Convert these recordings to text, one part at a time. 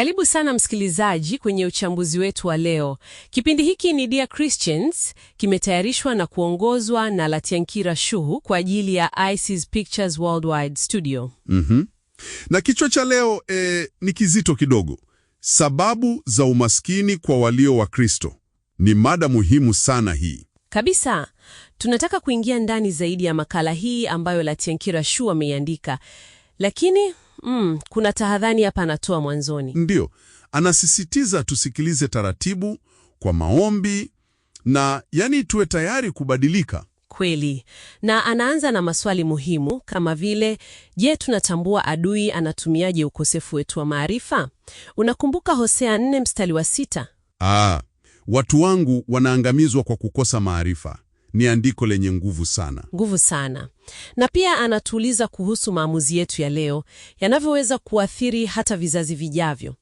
Karibu sana msikilizaji kwenye uchambuzi wetu wa leo. Kipindi hiki ni Dear Christians, kimetayarishwa na kuongozwa na Latiankira Shuhu kwa ajili ya Isis Pictures Worldwide Studio. Mm -hmm. Na kichwa cha leo eh, ni kizito kidogo. Sababu za umaskini kwa walio wa Kristo. Ni mada muhimu sana hii. Kabisa. Tunataka kuingia ndani zaidi ya makala hii ambayo Latiankira Shuhu ameiandika. Lakini Mm, kuna tahadhari hapa anatoa mwanzoni. Ndiyo, anasisitiza tusikilize taratibu kwa maombi na yani tuwe tayari kubadilika kweli. Na anaanza na maswali muhimu kama vile, je, tunatambua adui anatumiaje ukosefu wetu wa maarifa? Unakumbuka Hosea 4 mstari wa sita? Ah, watu wangu wanaangamizwa kwa kukosa maarifa ni andiko lenye nguvu sana, nguvu sana. Na pia anatuuliza kuhusu maamuzi yetu ya leo yanavyoweza kuathiri hata vizazi vijavyo.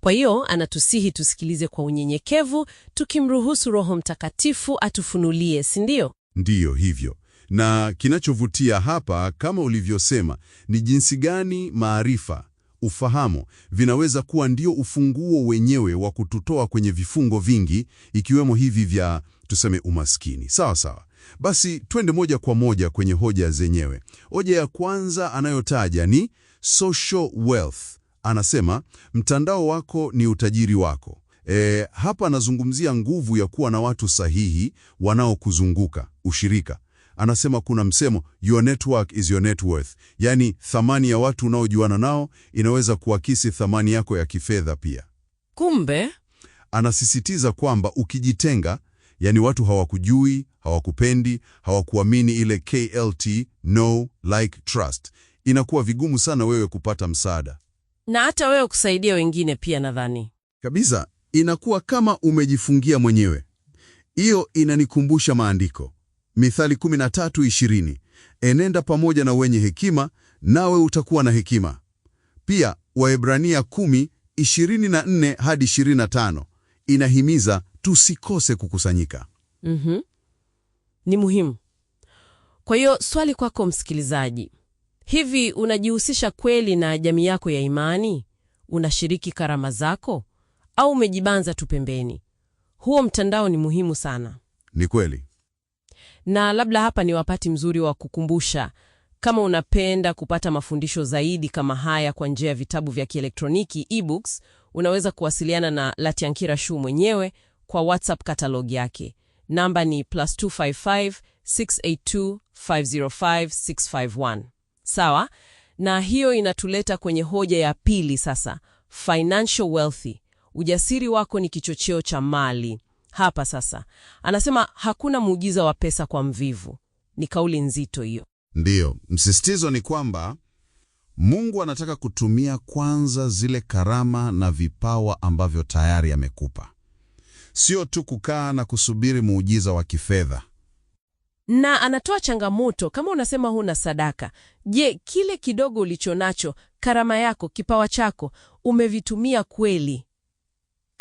Kwa hiyo anatusihi tusikilize kwa unyenyekevu, tukimruhusu Roho Mtakatifu atufunulie, si ndio? Ndiyo hivyo. Na kinachovutia hapa, kama ulivyosema, ni jinsi gani maarifa ufahamu vinaweza kuwa ndio ufunguo wenyewe wa kututoa kwenye vifungo vingi, ikiwemo hivi vya tuseme umaskini. Sawa sawa, basi twende moja kwa moja kwenye hoja zenyewe. Hoja ya kwanza anayotaja ni social wealth. Anasema mtandao wako ni utajiri wako. E, hapa anazungumzia nguvu ya kuwa na watu sahihi wanaokuzunguka, ushirika anasema kuna msemo your network is your net worth, yaani thamani ya watu unaojuana nao inaweza kuakisi thamani yako ya kifedha pia. Kumbe anasisitiza kwamba ukijitenga, yaani watu hawakujui, hawakupendi, hawakuamini ile KLT know, like, trust, inakuwa vigumu sana wewe kupata msaada na hata wewe kusaidia wengine pia. Nadhani kabisa inakuwa kama umejifungia mwenyewe. Hiyo inanikumbusha maandiko Mithali 13:20, enenda pamoja na wenye hekima nawe utakuwa na hekima. Pia Waebrania 10:24 hadi 25 inahimiza tusikose kukusanyika. mm -hmm. Ni muhimu. Kwa hiyo swali kwako msikilizaji, hivi unajihusisha kweli na jamii yako ya imani? Unashiriki karama zako au umejibanza tu pembeni? Huo mtandao ni muhimu sana. Ni kweli. Na labda hapa ni wakati mzuri wa kukumbusha, kama unapenda kupata mafundisho zaidi kama haya kwa njia ya vitabu vya kielektroniki ebooks, unaweza kuwasiliana na Latiankira Shu mwenyewe kwa WhatsApp catalog yake. Namba ni plus 255 682 Sawa, na hiyo inatuleta kwenye hoja ya pili sasa, financial wealthy, ujasiri wako ni kichocheo cha mali. Hapa sasa anasema hakuna muujiza wa pesa kwa mvivu. Ni kauli nzito hiyo. Ndiyo, msisitizo ni kwamba Mungu anataka kutumia kwanza zile karama na vipawa ambavyo tayari amekupa, sio tu kukaa na kusubiri muujiza wa kifedha. Na anatoa changamoto, kama unasema huna sadaka, je, kile kidogo ulicho nacho, karama yako, kipawa chako, umevitumia kweli?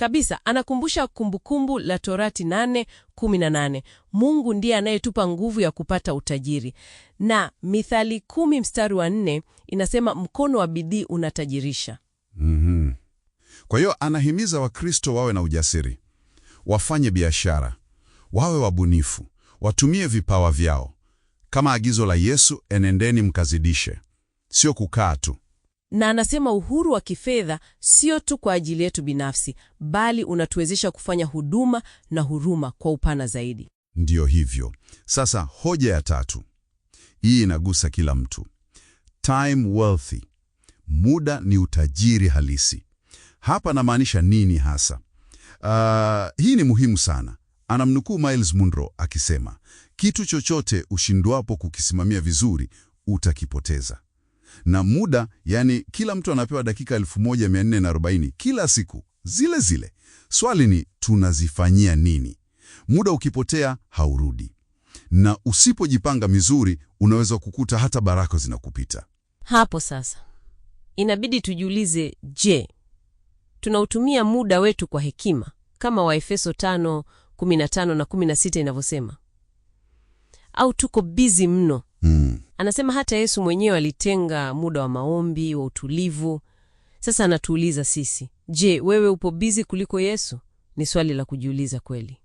kabisa. Anakumbusha Kumbukumbu la Torati 8:18, Mungu ndiye anayetupa nguvu ya kupata utajiri, na Mithali kumi mstari wa nne inasema mkono wa bidii unatajirisha. Mm-hmm. Kwa hiyo anahimiza Wakristo wawe na ujasiri, wafanye biashara, wawe wabunifu, watumie vipawa vyao, kama agizo la Yesu, enendeni mkazidishe, sio kukaa tu na anasema uhuru wa kifedha sio tu kwa ajili yetu binafsi, bali unatuwezesha kufanya huduma na huruma kwa upana zaidi. Ndiyo hivyo. Sasa hoja ya tatu hii inagusa kila mtu. Time wealthy, muda ni utajiri halisi. Hapa namaanisha nini hasa? Uh, hii ni muhimu sana. Anamnukuu Miles Munro akisema, kitu chochote ushindwapo kukisimamia vizuri utakipoteza na muda, yani kila mtu anapewa dakika 1440 kila siku zile zile. Swali ni tunazifanyia nini? Muda ukipotea haurudi, na usipojipanga mizuri unaweza kukuta hata baraka zinakupita. Hapo sasa inabidi tujiulize, je, tunautumia muda wetu kwa hekima kama Waefeso 5:15 na 16 inavyosema, au tuko bizi mno? hmm. Anasema hata Yesu mwenyewe alitenga muda wa maombi, wa utulivu. Sasa anatuuliza sisi, je, wewe upo bizi kuliko Yesu? Ni swali la kujiuliza kweli.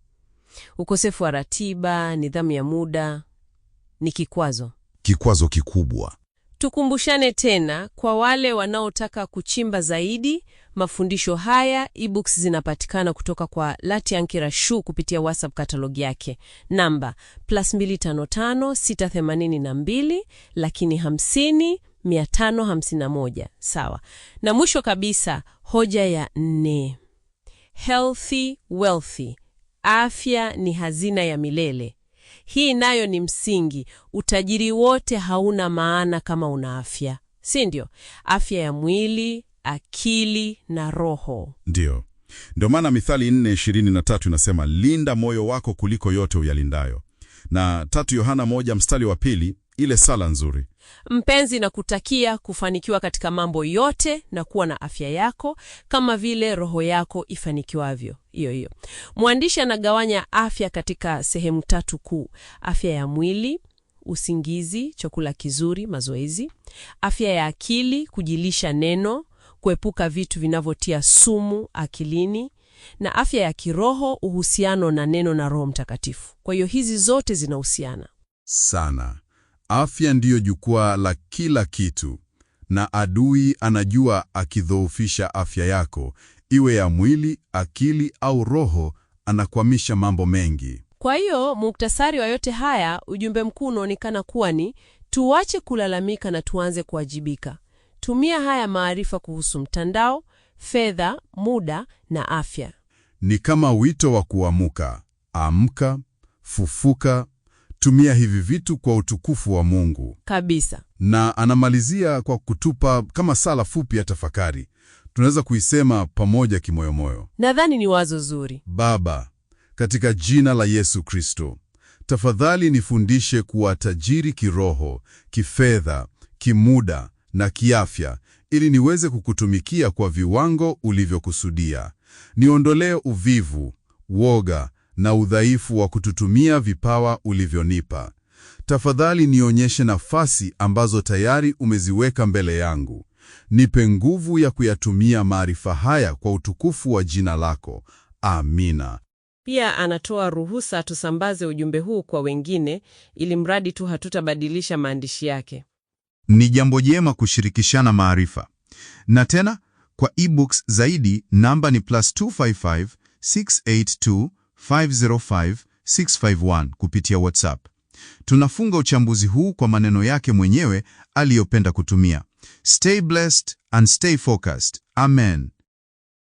Ukosefu wa ratiba, nidhamu ya muda ni kikwazo, kikwazo kikubwa. Tukumbushane tena kwa wale wanaotaka kuchimba zaidi Mafundisho haya ebooks zinapatikana kutoka kwa Latianki shu kupitia WhatsApp catalog yake namba +255682 lakini 50 sawa. Na mwisho kabisa, hoja ya nne, healthy wealthy, afya ni hazina ya milele. Hii nayo ni msingi. Utajiri wote hauna maana kama una afya, si ndio? Afya ya mwili, akili na roho. Ndio, ndio maana Mithali 4:23 inasema linda moyo wako kuliko yote uyalindayo, na tatu Yohana moja mstari wa pili ile sala nzuri Mpenzi, na kutakia kufanikiwa katika mambo yote na kuwa na afya yako kama vile roho yako ifanikiwavyo. Hiyo hiyo mwandishi anagawanya afya katika sehemu tatu kuu: afya ya mwili, usingizi, chakula kizuri, mazoezi; afya ya akili, kujilisha neno kuepuka vitu vinavyotia sumu akilini, na afya ya kiroho, uhusiano na neno na Roho Mtakatifu. Kwa hiyo hizi zote zinahusiana sana. Afya ndiyo jukwaa la kila kitu, na adui anajua akidhoofisha afya yako, iwe ya mwili, akili au roho, anakwamisha mambo mengi. Kwa hiyo muktasari wa yote haya, ujumbe mkuu unaonekana kuwa ni tuache kulalamika na tuanze kuwajibika. Tumia haya maarifa kuhusu mtandao, fedha, muda na afya. Ni kama wito wa kuamuka: amka, fufuka, tumia hivi vitu kwa utukufu wa Mungu kabisa. Na anamalizia kwa kutupa kama sala fupi ya tafakari, tunaweza kuisema pamoja kimoyomoyo. Nadhani ni wazo zuri. Baba, katika jina la Yesu Kristo, tafadhali nifundishe kuwa tajiri kiroho, kifedha, kimuda na kiafya ili niweze kukutumikia kwa viwango ulivyokusudia. Niondolee uvivu, woga na udhaifu wa kututumia vipawa ulivyonipa. Tafadhali nionyeshe nafasi ambazo tayari umeziweka mbele yangu. Nipe nguvu ya kuyatumia maarifa haya kwa utukufu wa jina lako. Amina. Pia anatoa ruhusa tusambaze ujumbe huu kwa wengine, ili mradi tu hatutabadilisha maandishi yake. Ni jambo jema kushirikishana maarifa, na tena kwa ebooks zaidi namba ni plus 255 682 kupitia WhatsApp. Tunafunga uchambuzi huu kwa maneno yake mwenyewe aliyopenda kutumia. Stay blessed and stay focused. Amen.